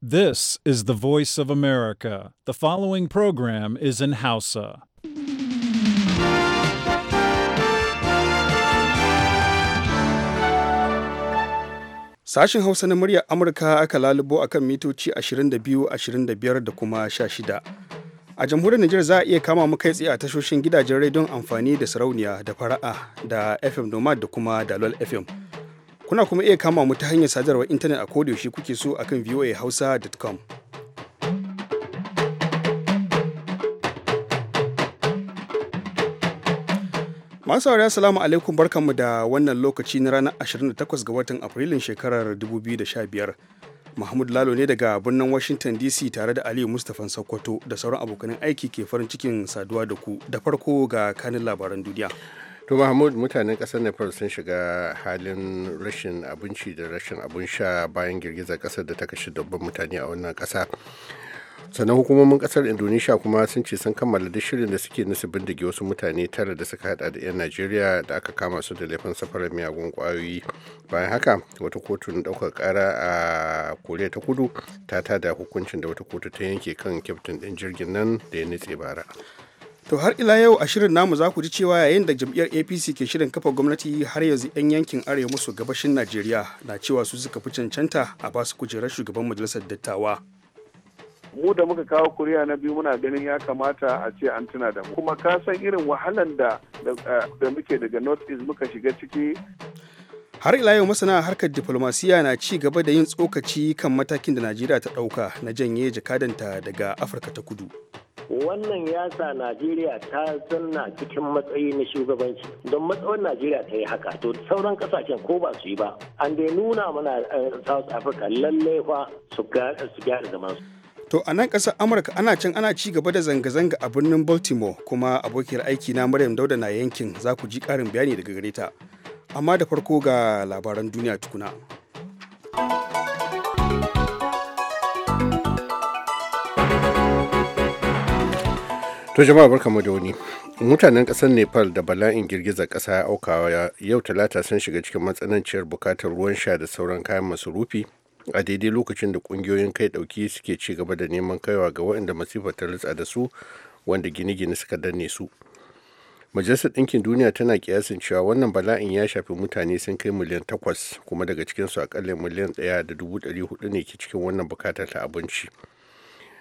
This is the voice of America. The following program is in Hausa. Sashen Hausa na muryar Amurka aka lalubo akan mitoci 22, 25 da kuma 16. A jamhuriyar Nijar za a iya kama mu kai tsaye a tashoshin gidajen rediyon amfani da sarauniya da fara'a da FM Nomad da kuma Dalol FM. Kuna kuma iya kama mu ta hanyar sadarwar intanet a kodayaushe kuke so a kan voahausa.com. Masu aure assalamu alaikum barkanmu da wannan lokaci na ranar 28 ga watan Afrilun shekarar 2015. Mahmud Lalo ne daga birnin Washington DC tare da Aliyu Mustapha Sokoto da sauran abokanan aiki ke farin cikin saduwa da ku da farko ga kanin labaran duniya. to mahmud mutanen kasar nepal sun shiga halin rashin abinci da rashin abun sha bayan girgizar kasar da ta kashe dabban mutane a wannan kasa sannan hukumomin kasar indonesia kuma sun ce sun kammala duk shirin da suke nasu bindige wasu mutane tara da suka hada da 'yan najeriya da aka kama su da laifin safarar miyagun kwayoyi bayan haka wata kotun daukar kara a koriya ta kudu ta tada hukuncin da wata kotu ta yanke kan kyaftin din jirgin nan da ya nitse bara To har ila yau a shirin namu za ku ji cewa yayin da jam'iyyar APC ke shirin kafa gwamnati har yanzu 'yan yankin arewa maso gabashin Najeriya na cewa su suka fi cancanta a basu kujerar shugaban majalisar dattawa. Mu da muka kawo kuriya na biyu muna ganin ya kamata a ce an tuna da mu. Kuma ka san irin wahalan da da muke daga North East muka shiga ciki. Har ila yau masana harkar diplomasiya na ci gaba da yin tsokaci kan matakin da Najeriya ta ɗauka na janye jakadanta daga Afirka ta Kudu. wannan ya sa najeriya ta zanna cikin matsayi na shugabanci don matsawar najeriya ta yi haka to sauran kasashen ko ba su yi ba an dai nuna mana eh, south africa lallai fa su gyara zaman su To a nan ƙasar Amurka ana can ana ci gaba da zanga-zanga a birnin Baltimore kuma abokiyar aiki na Maryam Dauda na yankin za ku ji karin bayani daga gare ta. Amma da farko ga labaran duniya tukuna. To jama'a barkamu da wani. Mutanen ƙasar Nepal da bala'in girgizar ƙasa ya aukawa yau talata sun shiga cikin matsananciyar bukatar ruwan sha da sauran kayan masurufi a daidai lokacin da ƙungiyoyin kai ɗauki suke ci gaba da neman kaiwa ga waɗanda masifar ta ritsa da su wanda gine-gine suka danne su. Majalisar Ɗinkin Duniya tana kiyasin cewa wannan bala'in ya shafi mutane sun kai miliyan takwas kuma daga cikinsu akalla miliyan ɗaya da dubu ɗari hudu ne ke cikin wannan bukatar ta abinci.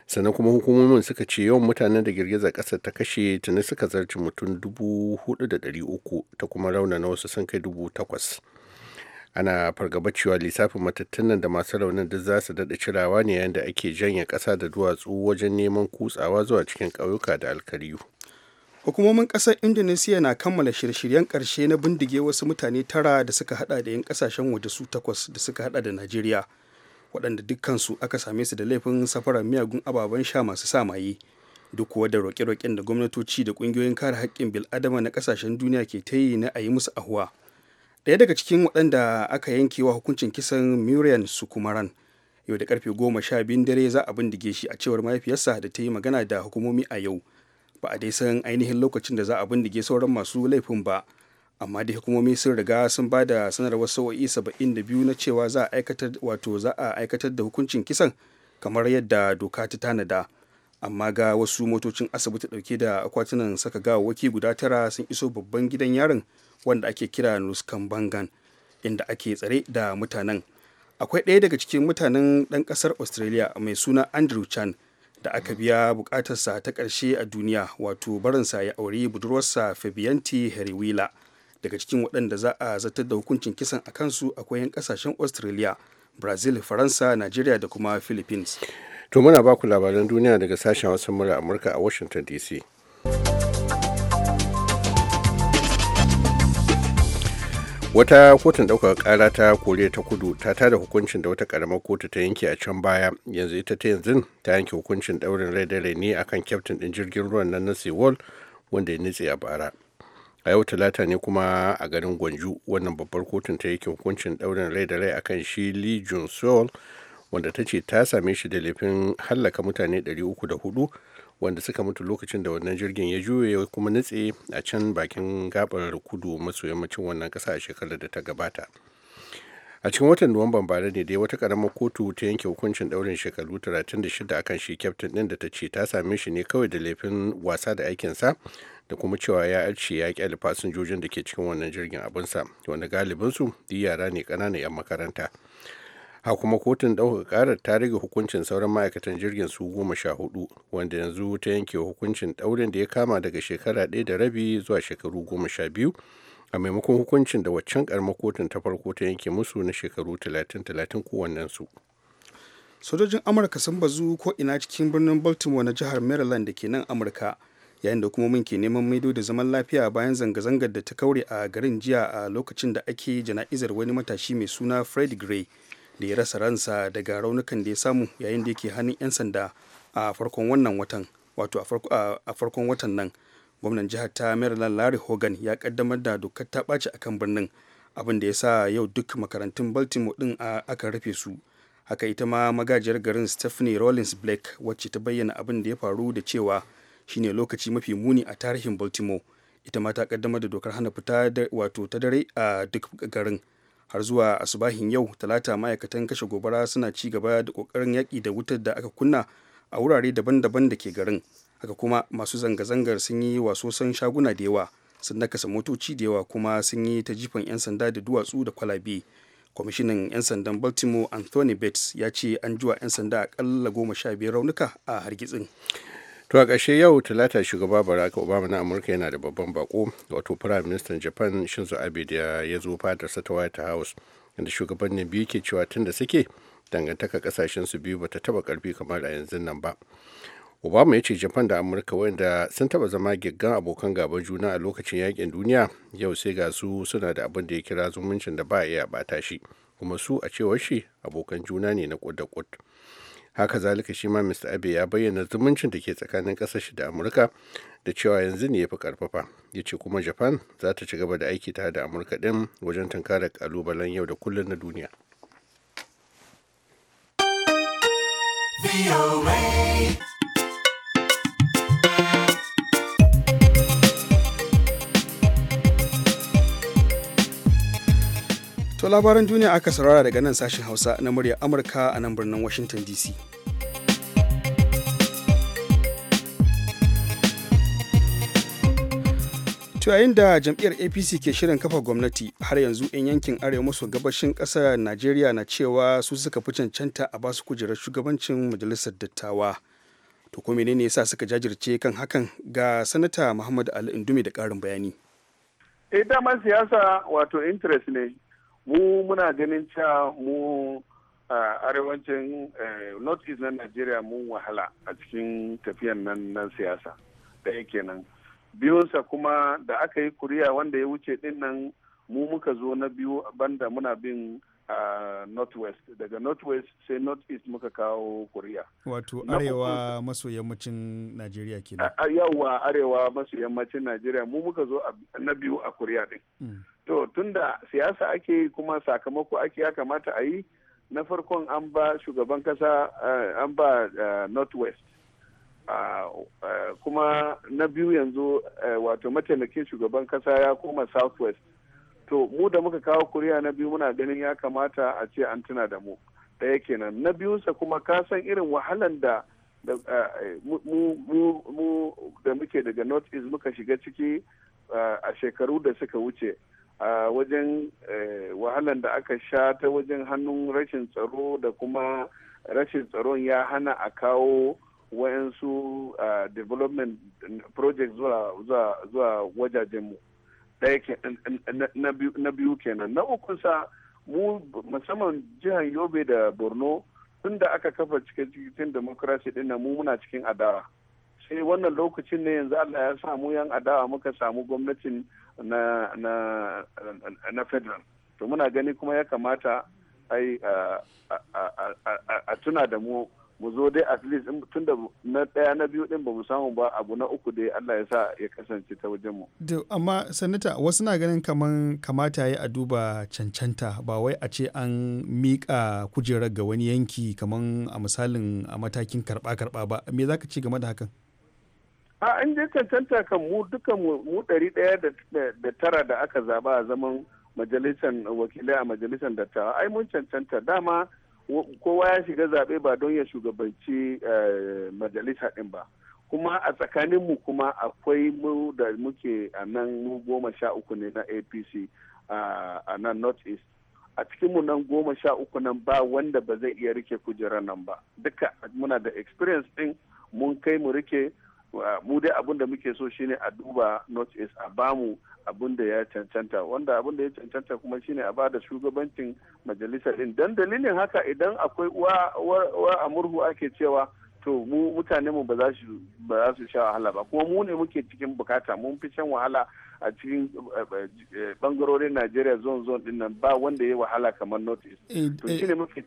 sannan kuma hukumomin suka ce yawan mutanen da girgizar ƙasa ta kashe tuni suka zarci mutum dubu hudu da uku ta kuma raunana wasu sun kai dubu takwas ana fargaba cewa lissafin matattunan da masu raunin duk za su daɗa cirawa ne yayin da ake janye ƙasa da duwatsu wajen neman kutsawa zuwa cikin ƙauyuka da alkariyu hukumomin ƙasar indonesiya na kammala shirye-shiryen ƙarshe na bindige wasu mutane tara da suka haɗa da 'yan ƙasashen waje su takwas da suka haɗa da najeriya waɗanda dukkansu aka same su da laifin safarar miyagun ababen sha masu samaye duk kuwa da roƙe-roƙen da gwamnatoci da ƙungiyoyin kare haƙƙin bil'adama na ƙasashen duniya ke ta yi na a yi musu ahuwa ɗaya daga cikin waɗanda aka yanke wa hukuncin kisan murian sukumaran yau da ƙarfe goma sha biyun dare za a bindige shi a cewar mahaifiyarsa da ta yi magana da hukumomi a yau ba a dai san ainihin lokacin da za a bindige sauran masu laifin ba amma dai hukumomi sun riga sun ba da sanarwar sa'o'i biyu na cewa za a aikatar wato za a aikatar da hukuncin kisan kamar yadda doka ta tanada amma ga wasu motocin asibiti dauke da akwatunan saka gawawwaki guda tara sun iso babban gidan yarin wanda ake kira nuskan bangan inda ake tsare da mutanen akwai ɗaya daga cikin mutanen ɗan ƙasar australia mai suna andrew chan da aka biya bukatarsa ta ƙarshe a duniya wato barinsa ya auri budurwarsa fabianti heriwila daga cikin waɗanda za a zartar da hukuncin kisan a kansu akwai 'yan kasashen australia brazil faransa nigeria da kuma philippines to muna baku labaran duniya daga sashen wasan mura amurka a washington dc wata kotun ɗaukar ƙara ta koriya ta kudu ta tada hukuncin da wata ƙaramar kotu ta yanke a can baya yanzu ita ta yanzu ta yanke hukuncin ɗaurin rai da rai ne akan kyaftin ɗin jirgin ruwan nan na sewol wanda ya nutse a bara a yau talata ne kuma a garin gwanju wannan babbar kotun ta yake hukuncin ɗaurin rai da rai akan shi lee jun sol wanda ta ce ta same shi da laifin hallaka mutane 304 wanda suka mutu lokacin da wannan jirgin ya juye kuma nutse a can bakin gabar kudu maso yammacin wannan kasa a shekarar da ta gabata. a cikin watan nuwamban bara ne dai wata karamar kotu ta yanke hukuncin daurin shekaru 36 akan shi kyaftin din da ta ce ta same shi ne kawai da laifin wasa da aikinsa da kuma cewa ya arce ya kyale fasinjojin da ke cikin wannan jirgin abinsa wanda galibinsu duk yara ne kananan 'yan makaranta ha kuma kotun ɗaukaka karar ta rage hukuncin sauran ma'aikatan jirgin su goma sha hudu wanda yanzu ta yanke hukuncin ɗaurin da ya kama daga shekara ɗaya da rabi zuwa shekaru goma sha biyu a maimakon hukuncin da waccan karamar kotun ta farko ta yanke musu na shekaru 30-30 kowannensu. sojojin amurka sun bazu ko ina cikin birnin baltimore na jihar maryland da ke nan amurka yayin da hukumomin ke neman maido da zaman lafiya bayan zanga-zangar da ta kaure a garin jiya a lokacin da ake jana'izar wani matashi mai suna fred gray da ya rasa ransa daga raunukan da ya samu yayin da yake hannun 'yan sanda a farkon wannan watan wato a farkon watan nan gwamnan jihar ta maryland larry hogan ya kaddamar da dokar ta ɓaci akan birnin abin da ya sa yau duk makarantun baltimore din aka rufe su haka ita ma magajiyar garin stephanie rollins blake wacce ta bayyana abin da ya faru da cewa shine lokaci mafi muni a tarihin baltimore ita ma ta kaddamar da dokar hana fita wato ta dare a duk garin har zuwa asubahin yau talata ma'aikatan kashe gobara suna ci gaba da kokarin yaki da wutar da aka kunna a wurare daban-daban da ke garin haka kuma masu zanga-zangar sun yi wasosan shaguna da yawa sun nakasa motoci da yawa kuma sun yi ta jifan 'yan sanda da duwatsu da kwalabe kwamishinan 'yan sandan baltimore anthony bates ya ce an juwa 'yan sanda akalla goma sha biyar raunuka a hargitsin to a ƙarshe yau talata shugaba barack obama na amurka yana da babban bako wato prime minister japan shinzo abe da ya zo fadarsa ta white house inda shugabannin biyu ke cewa tun da suke dangantaka kasashen su biyu bata taba karfi kamar a yanzu nan ba obama ya ce japan da amurka wanda sun taba zama giggan abokan gaban juna a lokacin yakin duniya yau sai ga su suna da abin da ya kira zumuncin da ba a iya bata shi kuma su a cewar shi abokan juna ne na kudakud da haka zalika shi ma mr abe ya bayyana zumuncin da ke tsakanin shi da amurka da cewa yanzu ne ya fi karfafa ya ce kuma japan za ta ci gaba da aiki tare da amurka din wajen tunkarar kalubalen yau da kullum na duniya To labaran duniya aka saurara daga nan sashen Hausa na murya Amurka a nan birnin Washington DC. To yayin da jam'iyyar APC ke shirin kafa gwamnati har yanzu 'yan yankin arewa maso gabashin ƙasar Najeriya na cewa su suka fi cancanta a basu kujerar shugabancin majalisar dattawa. To ko menene yasa suka jajirce kan hakan ga sanata Muhammad Ali Indumi da karin bayani. Eh siyasa wato interest ne mu muna ganin cewa mu a arewacin eh, north east na nigeria mun wahala a cikin tafiyan nan na siyasa da yake nan biyunsa kuma da aka yi kuriya wanda ya wuce din nan mu muka zo na biyu banda muna bin north west daga north west sai north east muka kawo kuriya wato arewa maso yammacin nigeria kenan yawwa arewa maso yammacin nigeria mu muka zo na biyu a kuriya din mm. to tunda siyasa ake kuma sakamako ake ya kamata a yi na farkon an ba shugaban kasa eh, an ba eh, northwest ah, eh, kuma na biyu yanzu wato mataimakin shugaban kasa ya koma south west to mu da muka kawo kuriya na biyu muna ganin ya kamata a ce an tuna da mu daya kenan na biyunsa kuma ka san irin wahalan da mu da muke daga north east muka shiga ciki a shekaru da suka wuce a wajen eh, wahalar da aka sha ta wajen hannun rashin tsaro da kuma rashin tsaron ya hana a kawo wayansu development project zuwa wajajenmu ɗaya na biyu kenan na ukunsa mu musamman jihar yobe da borno tunda aka kafa cikin cikin demokrasi ɗin mu muna cikin adawa sai wannan lokacin ne yanzu Allah ya samu yan adawa muka samu gwamnatin na federal to muna gani kuma ya kamata a tuna da mu mu zo dai at least tun da na ɗaya na biyu ɗin ba mu samu ba abu na uku dai Allah ya sa ya kasance ta wajen mu. amma sanata wasu na ganin kaman kamata ya a duba cancanta ba wai a ce an miƙa kujerar ga wani yanki kaman a misalin a matakin karba-karba ba me zaka ci game da hakan? a an je cancanta kan mu duka mu ɗari ɗaya da tara da aka zaba a zaman majalisar wakilai a majalisar dattawa ai mun cancanta dama kowa ya shiga zaɓe ba don ya shugabanci eh, majalisa ɗin ba kuma a tsakanin mu kuma akwai mu da muke a nan mu goma sha uku ne na apc a nan north east a cikin mu nan goma sha uku nan ba wanda ba zai iya rike kujerar nan ba duka muna da experience ɗin mun kai mu rike Uh, mu dai abin da muke so shine a duba north east a bamu abin da ya cancanta wanda abin da ya cancanta kuma shine a bada shugabancin majalisa din dan dalilin haka idan akwai wa a murhu ake cewa to mu mutane mu ba za su sha wahala ba kuma mu ne muke cikin bukata mun fi shan wahala a cikin eh, eh, eh, bangarorin najeriya zone zone din nan ba wanda ya wahala kamar notice to shine muke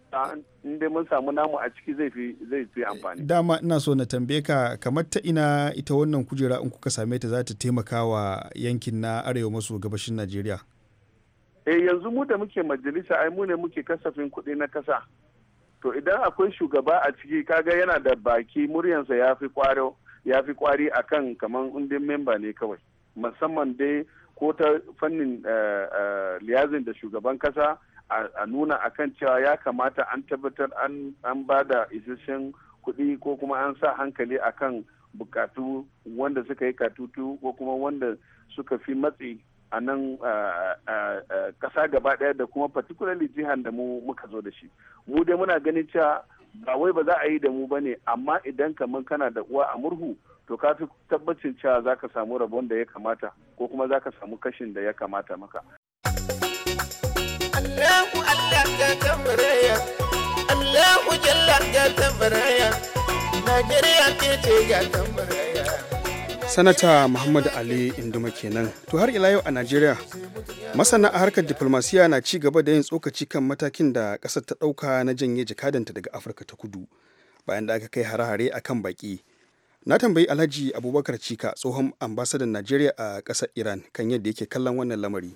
in dai mun samu namu a ciki zai fi zai fi amfani dama ina so na tambaye ka kamar ta ina ita wannan kujera in kuka same ta za ta taimaka wa yankin na arewa maso gabashin najeriya eh yanzu mu da muke majalisa ai mu ne muke kasafin kuɗi na kasa to idan akwai shugaba a ciki kaga yana da baki muryansa ya fi kwari akan kaman kamar undin memba ne kawai musamman dai ko ta fannin eh, eh, liyazin da shugaban kasa a nuna akan cewa ya kamata an tabbatar an ba da isasshen kuɗi ko kuma an sa hankali a kan bukatu wanda suka yi katutu ko kuma wanda suka fi matsi a nan eh, ƙasa gaba ɗaya da kuma particularly jihar da mu muka zo da shi mu dai muna ganin cewa ba wai ba za a yi da mu ba ne amma idan kamar kana da uwa a murhu to ka fi tabbacin cewa za ka samu rabon da ya kamata ko kuma za ka samu kashin da ya kamata maka. Allahu Allah Allahu Jalla Najeriya ke ce ga Sanata Muhammad Ali Induma kenan. To har ila yau a Najeriya, masana a harkar diplomasiya na ci gaba da yin tsokaci kan matakin da ƙasar ta ɗauka na janye jakadanta daga Afirka ta kudu bayan da aka kai hare-hare a kan baƙi. na tambayi alhaji abubakar cika tsohon ambasadan najeriya a ƙasar iran kan yadda yake kallon wannan lamari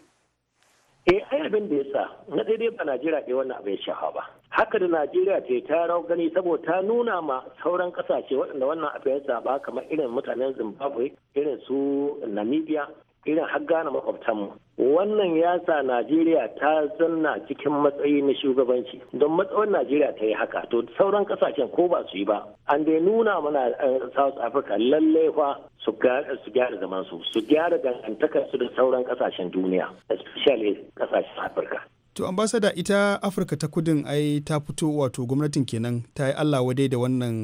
eh ai abin da sa na daidai ba najeriya ɗaya wannan abin shafa ba haka da najeriya ce ta rau gani saboda ta nuna ma sauran ƙasashe waɗanda wannan abin ya zaba kamar irin mutanen zimbabwe irin su namibia irin har gane makwabtanmu wannan ya sa najeriya ta zanna cikin matsayi na shugabanci don matsawar najeriya ta yi haka to sauran kasashen ko ba su yi ba an dai nuna mana eh, south africa lalle fa su gyara zamansu su gyara dangantakar da sauran kasashen duniya especially kasashen afirka to ambasada ita afirka ta kudin ai ta fito wato gwamnatin kenan ta yi allah wadai da wannan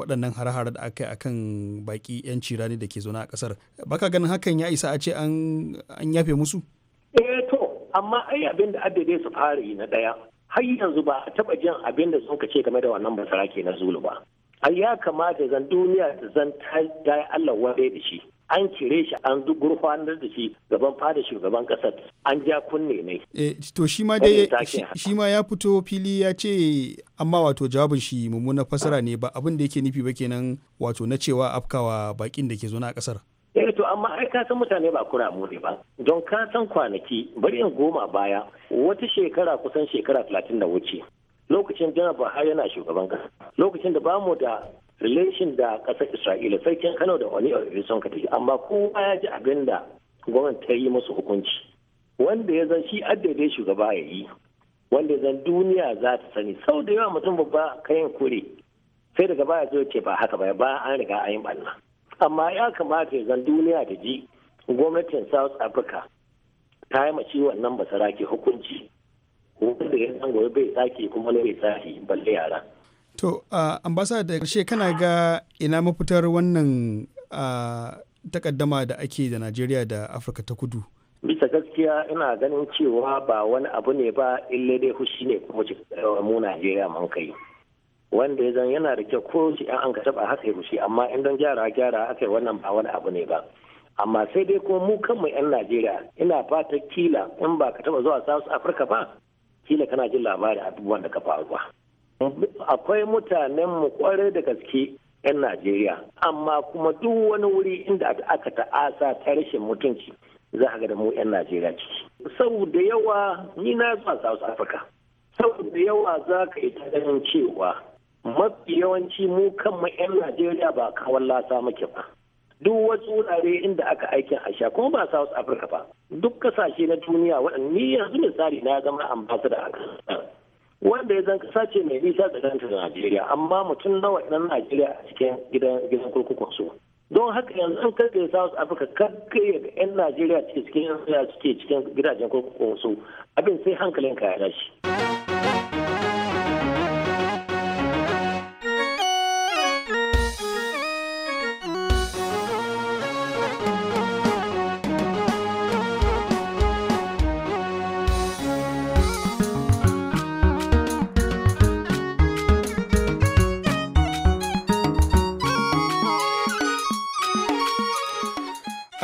waɗannan har da aka yi akan baƙi 'yanci rani da ke zaune a kasar. baka ganin hakan ya isa a ce an yafe musu eh to amma ai abin da adade su fara yi na ɗaya har yanzu ba a taɓa jin abin da suka ce game da wannan ke na zulu ba ai ya kamata zan duniya zan ta yi allah wadai da shi an cire shi an gurfanar da shi gaban fada shugaban kasar an ja kunne ne. eh to shi ma dai shi ma ya fito fili ya ce amma wato jawabin shi mummuna fasara ne ba abin da yake nufi ba kenan wato na cewa afkawa bakin da ke zo na kasar. Eh to amma ai ka san mutane ba kuramu ne ba don ka san kwanaki bari in goma baya wata shekara kusan shekara talatin da wuce lokacin jana Buhari yana shugaban kasa lokacin da bamu da relation da ƙasar isra'ila sai sarkin kano da wani a sun ka tafi amma kowa ya ji abin da gwamnati ta yi musu hukunci wanda ya zan shi addade shugaba ya yi wanda ya zan duniya za ta sani sau da yawa mutum babba kayan kure sai daga baya zo ce ba haka ba ba an riga an yi balla amma ya kamata ya zan duniya da ji gwamnatin south africa ta yi mace wannan basara ke hukunci wanda ya zan gobe bai sake kuma ne bai sake balle yara To, uh, ambasa da ƙarshe kana ga ina mafitar wannan uh, takaddama da ake da Najeriya da Afirka ta kudu. Bisa gaskiya ina ganin cewa ba wani abu ne ba ille dai hushi ne kuma mu Najeriya mun kai. Wanda ya zan yana da kyau ko shi an an taba haka hushi amma in don gyara gyara aka wannan ba wani abu ne ba. Amma sai dai kuma mu kanmu 'yan Najeriya ina fata kila in ba ka taba zuwa South Africa ba kila kana jin labarin abubuwan da ka faru ba. akwai mutanen mu kwarai da gaske 'yan Najeriya amma kuma duk wani wuri inda aka ta'asa ta rashin mutunci za ga da mu 'yan Najeriya ciki. Saboda yawa ni na zuwa South Africa. Saboda yawa za ka yi ganin cewa mafi yawanci mu mu 'yan Najeriya ba kawar lasa muke ba. Duk wasu wurare inda aka aiki a asha kuma ba South Africa ba. Duk kasashe na duniya waɗanda ni yanzu misali na zama ambasada a wanda ya zanka kasa mai nisa tsakanin da Najeriya amma mutum nawa idan Najeriya a cikin gidan kurkukun su. Don haka yanzu an karkare South Africa karkare da 'yan Najeriya cikin cikin gidajen kurkukun su abin sai hankalin ka ya dace.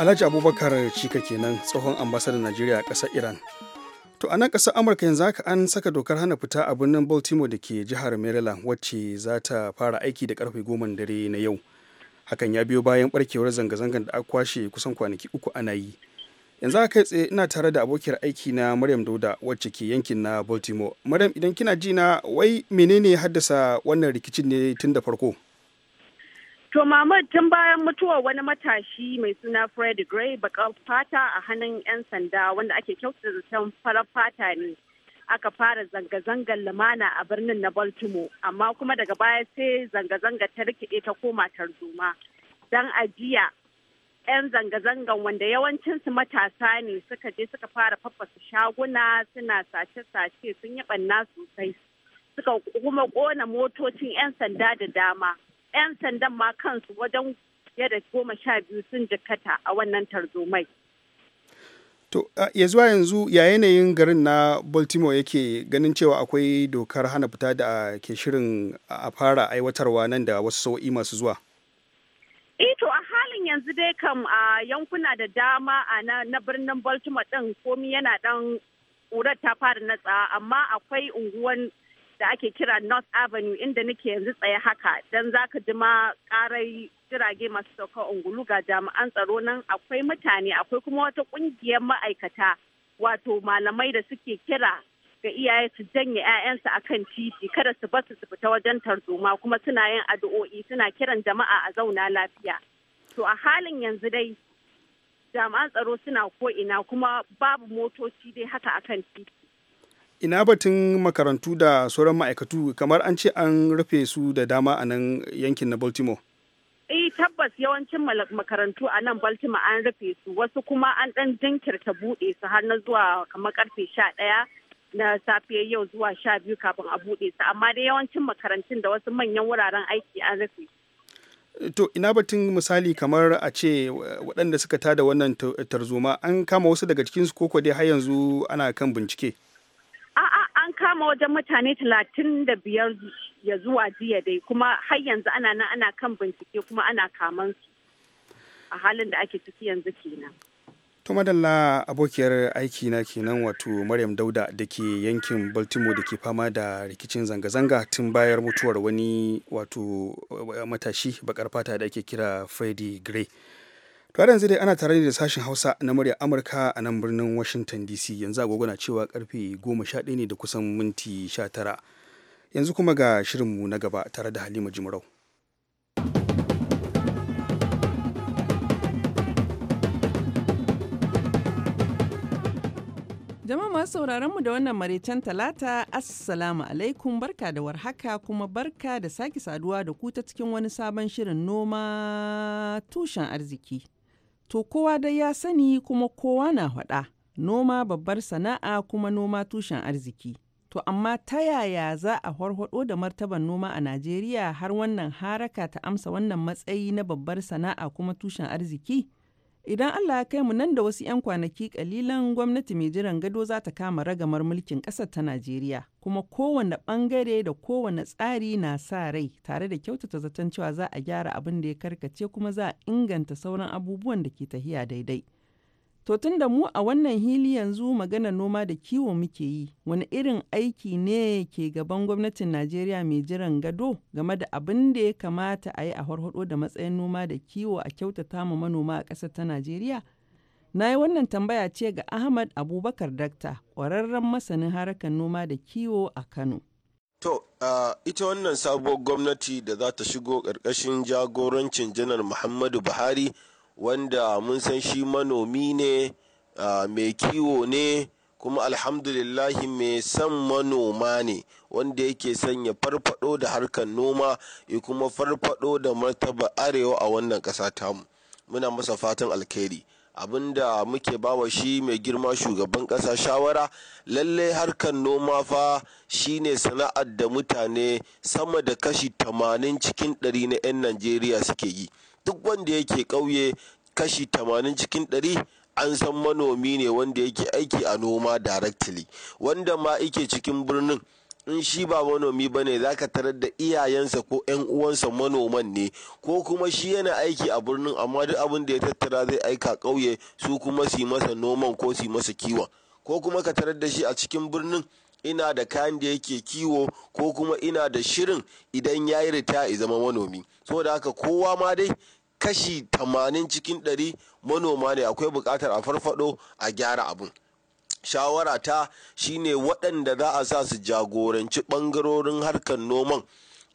alhaji abubakar cika kenan tsohon ambasadar najeriya a ƙasar iran to a nan ƙasar amurka yanzu haka an saka dokar hana fita a birnin baltimore da ke jihar maryland wacce za ta fara aiki da karfe goma dare na yau hakan ya biyo bayan barkewar zanga-zangar da aka kwashe kusan kwanaki uku ana yi yanzu haka tsaye ina tare da abokiyar aiki na maryam dauda wacce ke yankin na baltimore maryam idan kina ji na wai menene haddasa wannan rikicin ne tun da farko To Mahmud tun bayan mutuwar wani matashi mai suna Fred Gray bakar fata a hannun 'yan sanda wanda ake kyautata zaton farar fata ne aka fara zanga-zangar lamana a birnin na Baltimore amma kuma daga baya sai zanga-zanga ta rikide ta koma tarzoma. Don ajiya 'yan zanga-zangan wanda yawancinsu matasa ne suka je suka fara faffasa shaguna suna sace-sace sun yi ɓanna sosai suka kuma ƙona motocin 'yan sanda da dama. 'yan sandan ma kansu wajen fiye da goma sha biyu sun jikata a wannan tarzomai. To, ya zuwa yanzu ya yanayin garin na Baltimore yake ganin cewa akwai dokar hana fita da ke shirin a fara aiwatarwa nan da wasu sau'i masu zuwa. Eh to a halin yanzu dai kam a yankuna da dama a na birnin Baltimore ɗin komi yana ɗan ƙurar ta fara natsa amma akwai unguwan da ake kira north avenue inda nake yanzu tsaye haka don za ka jima karai jirage masu sauka ungulu ga jami'an tsaro nan akwai mutane akwai kuma wata kungiyar ma'aikata wato malamai da suke kira ga iyaye su janye 'ya'yansu a kan titi kada su basu su fita wajen tarzoma kuma suna yin addu'o'i suna kiran jama'a a zauna lafiya to a halin yanzu dai jami'an tsaro suna ko ina kuma babu motoci dai haka akan titi ina batun makarantu da sauran ma'aikatu kamar an ce an rufe su da dama a nan yankin na baltimore Eh tabbas yawancin makarantu a nan Baltimore an rufe su wasu kuma an dan jinkirta buɗe su har na zuwa kamar karfe sha ɗaya na safiyar yau zuwa sha biyu kafin a buɗe su amma dai yawancin makarantun da wasu manyan wuraren aiki an rufe. To ina batun misali kamar a ce eh, waɗanda suka tada wannan tarzoma an kama wasu daga cikinsu koko dai har yanzu ana kan bincike. an kama wajen mutane talatin da biyar ya zuwa jiya dai kuma har yanzu ana nan ana kan bincike kuma ana kaman su a halin da ake ciki yanzu kenan. To madalla abokiyar aiki na kenan wato Maryam Dauda da ke yankin Baltimore da ke fama da rikicin zanga-zanga tun bayar mutuwar wani wato matashi bakar fata da ake kira Freddie Gray. To yanzu dai ana tare da sashen Hausa na murya Amurka a nan birnin Washington DC yanzu agogo na cewa karfe 11 ne da kusan minti 19. Yanzu kuma ga shirinmu na gaba tare da Halima jimarau Jama'a masu sauraron mu da wannan maraicen talata assalamu alaikum barka da warhaka kuma barka da sake saduwa da ku ta cikin wani sabon shirin noma tushen arziki To kowa dai ya sani kuma kowa na faɗa, noma babbar sana'a kuma noma tushen arziki. To amma ta yaya za a farfaɗo da martaban noma a Najeriya har wannan haraka ta amsa wannan matsayi na babbar sana'a kuma tushen arziki? Idan Allah ya kai mu nan da wasu 'yan kwanaki kalilan gwamnati mai jiran gado za ta kama ragamar mulkin ƙasar ta Najeriya, kuma kowane ɓangare da kowane tsari na sa rai tare da kyautata zaton cewa za a gyara abin da ya karkace kuma za a inganta sauran abubuwan da ke tahiya daidai. To tun da mu a wannan hili yanzu magana noma da kiwo muke yi, wani irin aiki ne ke gaban gwamnatin Najeriya mai jiran gado game da abin da ya kamata a yi a harhaɗo da matsayin noma da kiwo a kyautata ma manoma a ƙasar ta Najeriya? Na yi wannan tambaya ce ga Ahmad Abubakar Dakta, ƙwararren masanin harkar noma da kiwo a Kano. To, ita wannan sabuwar gwamnati da za ta shigo ƙarƙashin jagorancin janar Muhammadu Buhari wanda mun san shi manomi ne mai kiwo ne kuma alhamdulillahi mai san manoma ne wanda yake son ya farfado da harkar noma ya kuma farfado da martaba arewa a wannan ƙasa tamu muna masa fatan alkhairi abinda muke bawa shi mai girma shugaban ƙasa shawara lallai harkar noma fa shine sana'ar da mutane sama da kashi 80 cikin 100 na 'yan najeriya suke yi duk wanda yake kauye kashi tamanin cikin ɗari an san manomi ne wanda yake aiki a noma directly wanda ma yake cikin birnin in shi ba manomi bane za ka tarar da iyayensa ko 'yan uwansa manoman ne ko kuma shi yana aiki a birnin amma duk abin da ya tattara zai aika kauye su kuma su masa noman ko su masa kiwon ko kuma ka tarar da shi a cikin birnin ina da kayan da yake kiwo ko kuma ina da shirin idan ya yi rita ya zama manomi saboda haka kowa ma dai kashi tamanin cikin ɗari manoma ne akwai buƙatar a farfado a gyara abin shawara ta shine waɗanda za a sa su jagoranci ɓangarorin harkar noman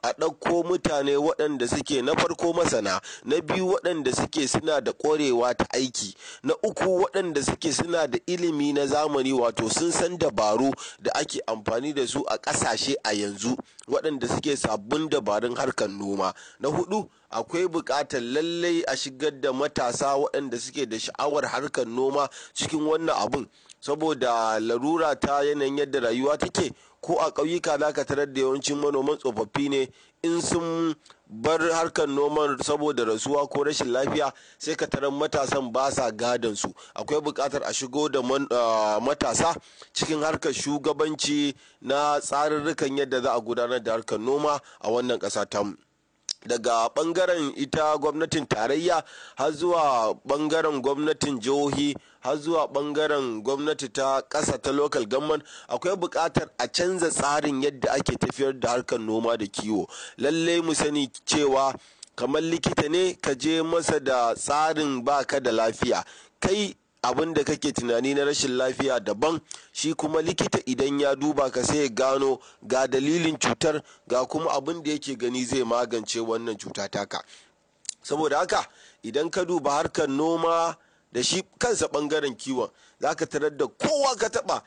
a ɗauko mutane waɗanda suke na farko masana na biyu waɗanda suke suna da ƙwarewa ta aiki na uku waɗanda suke suna da ilimi na zamani wato sun san dabaru da ake amfani da su a ƙasashe a yanzu waɗanda suke sabbin dabarun harkar noma na hudu akwai buƙatar lallai a shigar da matasa waɗanda suke da sha'awar harkar noma cikin wannan abun saboda larura ta yanayin yadda rayuwa take ko a ƙauyuka za ka tarar da yawancin manoman tsofaffi ne in sun bar harkar noman saboda rasuwa ko rashin lafiya sai ka tarar matasan ba sa gadon su akwai buƙatar a shigo da ah, matasa cikin harkar shugabanci na tsarurrukan yadda za a gudanar da harkar noma a wannan ƙasa tamu daga bangaren ita gwamnatin tarayya har zuwa bangaren gwamnatin jihohi har zuwa bangaren gwamnati ta ƙasa ta local government akwai bukatar a canza tsarin yadda ake tafiyar da harkar noma da kiwo lallai mu sani cewa kamar likita ne ka je masa da tsarin baka da lafiya kai abin da kake tunani na rashin lafiya daban shi kuma likita idan ya duba ka sai ya gano ga dalilin cutar ga kuma abin da yake gani zai magance wannan cuta taka saboda haka idan ka duba harkar noma da shi kansa bangaren kiwon za ka tarar da kowa ka taba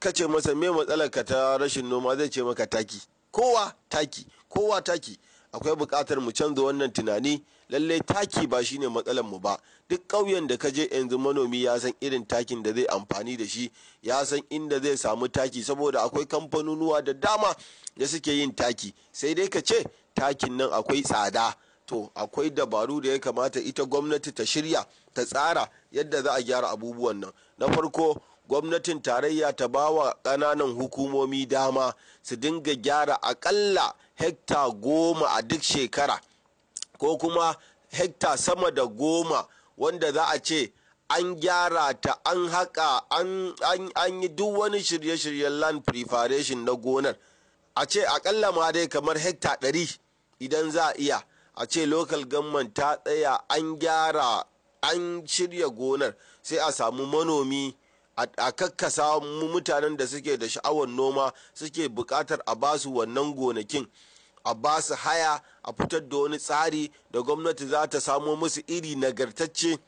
ka ce masa me matsalar ka ta rashin noma zai ce maka taki kowa taki kowa taki akwai buƙatar mu canza wannan tunani lallai taki ba shine matsalar mu ba duk ƙauyen da ka je yanzu manomi ya san irin takin da zai amfani da shi ya san inda zai samu taki saboda akwai kamfanonuwa da dama da suke yin taki sai dai ka ce takin nan akwai tsada to akwai dabaru da ya kamata ita gwamnati ta shirya ta tsara yadda za a gyara abubuwan nan na farko gwamnatin tarayya ta ba wa ƙananan hukumomi dama su dinga gyara aƙalla hekta goma a duk shekara ko kuma hekta sama da goma wanda za a ce an gyara ta an haƙa an yi duk wani shirye-shiryen land preparation na gonar a ce aƙalla ma dai kamar hekta ɗari idan za a iya a ce local government ta tsaya an gyara an shirya gonar sai a samu manomi a kakkasa mutanen da suke da sha'awar noma suke bukatar a basu wannan gonakin a basu haya a fitar da wani tsari da gwamnati za ta samo musu iri nagartacce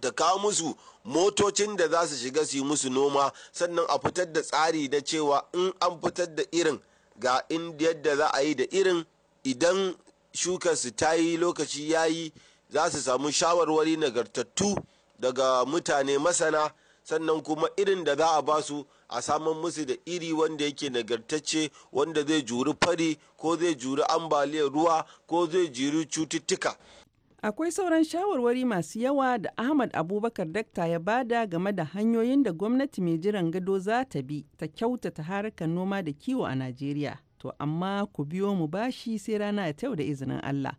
da kawo musu motocin da za su shiga su yi musu noma sannan a fitar da tsari na cewa in an fitar da irin ga inda yadda za a yi da irin idan shuka su ta yi lokaci ya yi za su samu shawarwari nagartattu daga mutane masana sannan kuma irin da za a ba su a saman musu da iri wanda yake nagartacce wanda zai juri fari ko zai juri ambaliyar ruwa ko zai juri cututtuka akwai sauran shawarwari masu yawa da ahmad abubakar dakta ya bada game da hanyoyin da gwamnati mai jiran gado za ta bi ta kyautata harkar noma da kiwo a najeriya To amma ku biyo mu bashi sai rana ta yau da izinin Allah.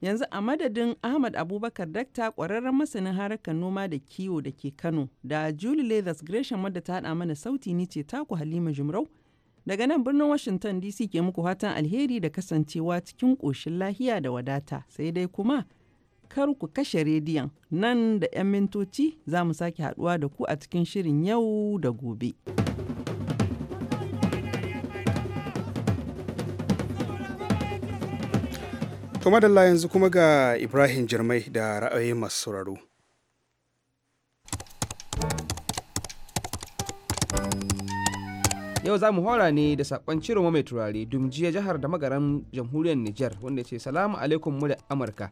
Yanzu a madadin Ahmad Abubakar Dakta kwararren masanin harkar noma da kiwo da ke Kano da Julie Leathers Gresham wadda ta haɗa mana sauti ni ce taku Halima Jumrau. Daga nan birnin Washington DC ke muku fatan alheri da kasancewa cikin ƙoshin lahiya da wadata sai dai kuma kar ku kashe rediyon nan da 'yan mintoci za mu sake haɗuwa da ku a cikin shirin yau da gobe. To da yanzu kuma ga Ibrahim Jirmai da ra'ayoyi masu sauraro. Yau za mu hora ne da sakon ciroma mai turare dumjiya jihar da magaran jamhuriyar Nijar wanda ce salamu alaikum mu da Amurka.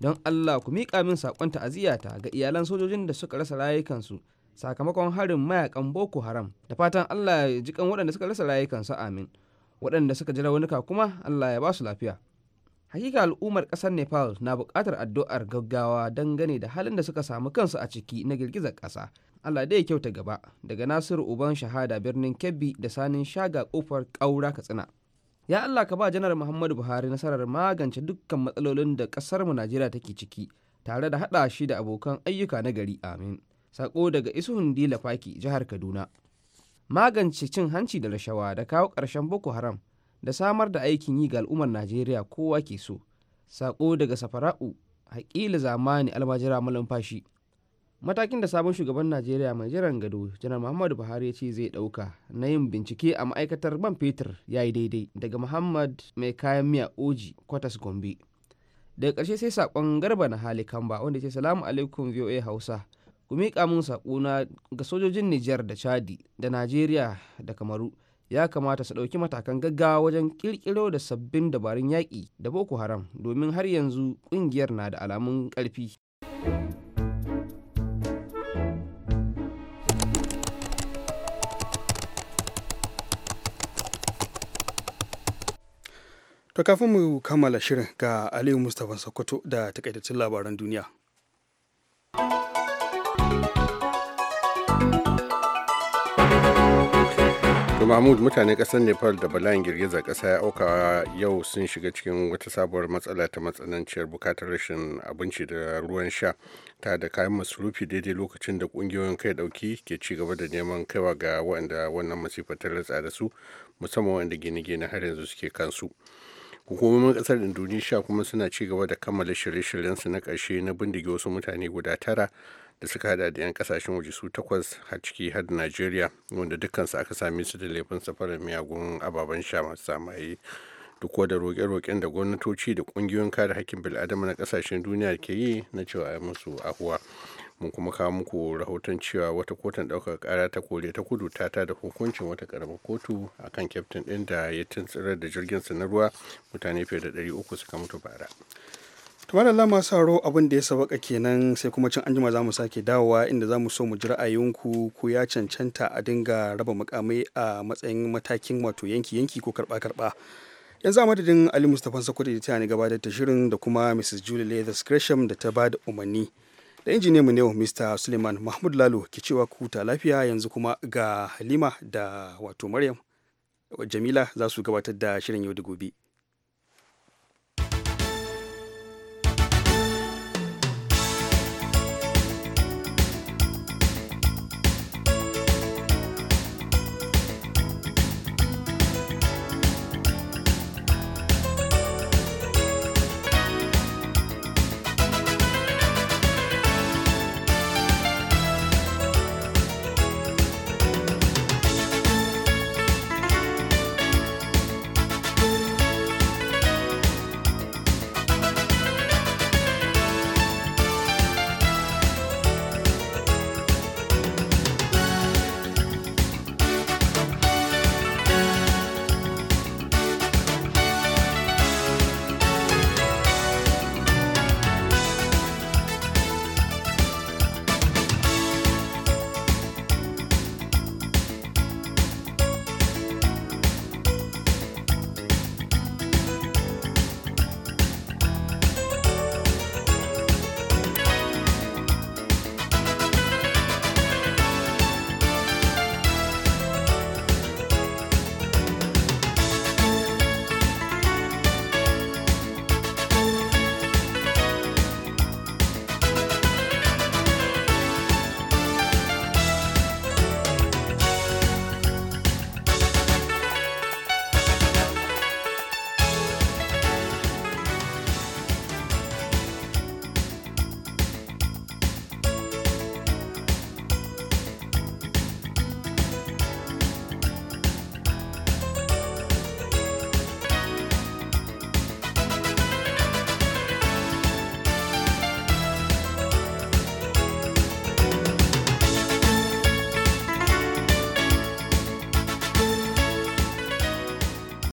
Don Allah ku miƙa min sakon ta'aziyata ga iyalan sojojin da suka rasa rayukansu sakamakon harin mayakan Boko Haram da fatan Allah ya jikan waɗanda suka rasa rayukansu amin. Waɗanda suka ji raunuka kuma Allah ya ba su lafiya. hakika al'ummar kasar nepal na bukatar addu'ar gaggawa dangane da halin da suka samu kansu a ciki na girgizar ƙasa allah dai kyauta gaba daga nasiru uban shahada birnin kebbi da sanin shaga kofar ƙaura katsina ya allah ka ba janar muhammadu buhari nasarar magance dukkan matsalolin da ƙasar mu najeriya take ciki tare da haɗa shi da abokan ayyuka na gari amin sako daga isuhun dila faki jihar kaduna magance cin hanci da rashawa da kawo ƙarshen boko haram da samar da aikin yi ga al'ummar najeriya kowa ke so sako daga safara'u haƙila zamani almajira malumfashi matakin da sabon shugaban najeriya mai jiran gado janar muhammadu buhari ya ce zai ɗauka na yin bincike a ma'aikatar man fetur ya yi daidai daga muhammad mai kayan miya oji kwatas gombe daga ƙarshe sai saƙon garba na hali kamba wanda ce salamu alaikum voa hausa ku miƙa mun na ga sojojin nijar da chadi da najeriya da kamaru ya kamata su ɗauki matakan gaggawa wajen ƙirƙiro da sabbin dabarun yaƙi da boko haram domin har yanzu ƙungiyar na da alamun ƙarfi to kafin mu kammala shirin ga aliyu mustapha sokoto da takaitattun labaran duniya to mahmud mutane kasar nepal da bala'in girgizar kasa ya auka yau sun shiga cikin wata sabuwar matsala ta matsananciyar bukatar rashin abinci da ruwan sha ta da kayan masurufi daidai lokacin da kungiyoyin kai dauki ke ci gaba da neman kaiwa ga waɗanda wannan masifa ta ratsa da su musamman waɗanda gine-gine har yanzu suke kansu hukumomin kasar indonesia kuma suna ci gaba da kammala shirye-shiryensu na karshe na bindige wasu mutane guda tara da suka hada da 'yan kasashen waje su takwas a ciki har da najeriya wanda dukkansu aka sami su da laifin safarar miyagun ababen sha masu samaye duk da roƙe-roƙen da gwamnatoci da ƙungiyoyin kare hakkin bil'adama na ƙasashen duniya ke yi na cewa a musu ahuwa mun kuma kawo muku rahoton cewa wata kotun ɗaukar ƙara ta kore ta kudu ta ta da hukuncin wata ƙaramar kotu a kan kyaftin ɗin da ya tuntsirar da jirgin na ruwa mutane fiye da 300 suka mutu bara kamar Allah masu sauro abin da ya sabaka kenan sai kuma cin anjima za mu sake dawowa inda za mu so mu ji ra'ayinku ko ya cancanta a dinga raba mukamai a matsayin matakin wato yanki yanki ko karba karba yanzu a madadin ali mustapha sakwadi da ta ni gabatar da shirin da kuma mrs julie leather gresham da ta ba da umarni da injiniyan mu ne mr suleiman mahmud lalo ke cewa ku ta lafiya yanzu kuma ga halima da wato maryam jamila za su gabatar da shirin yau da gobe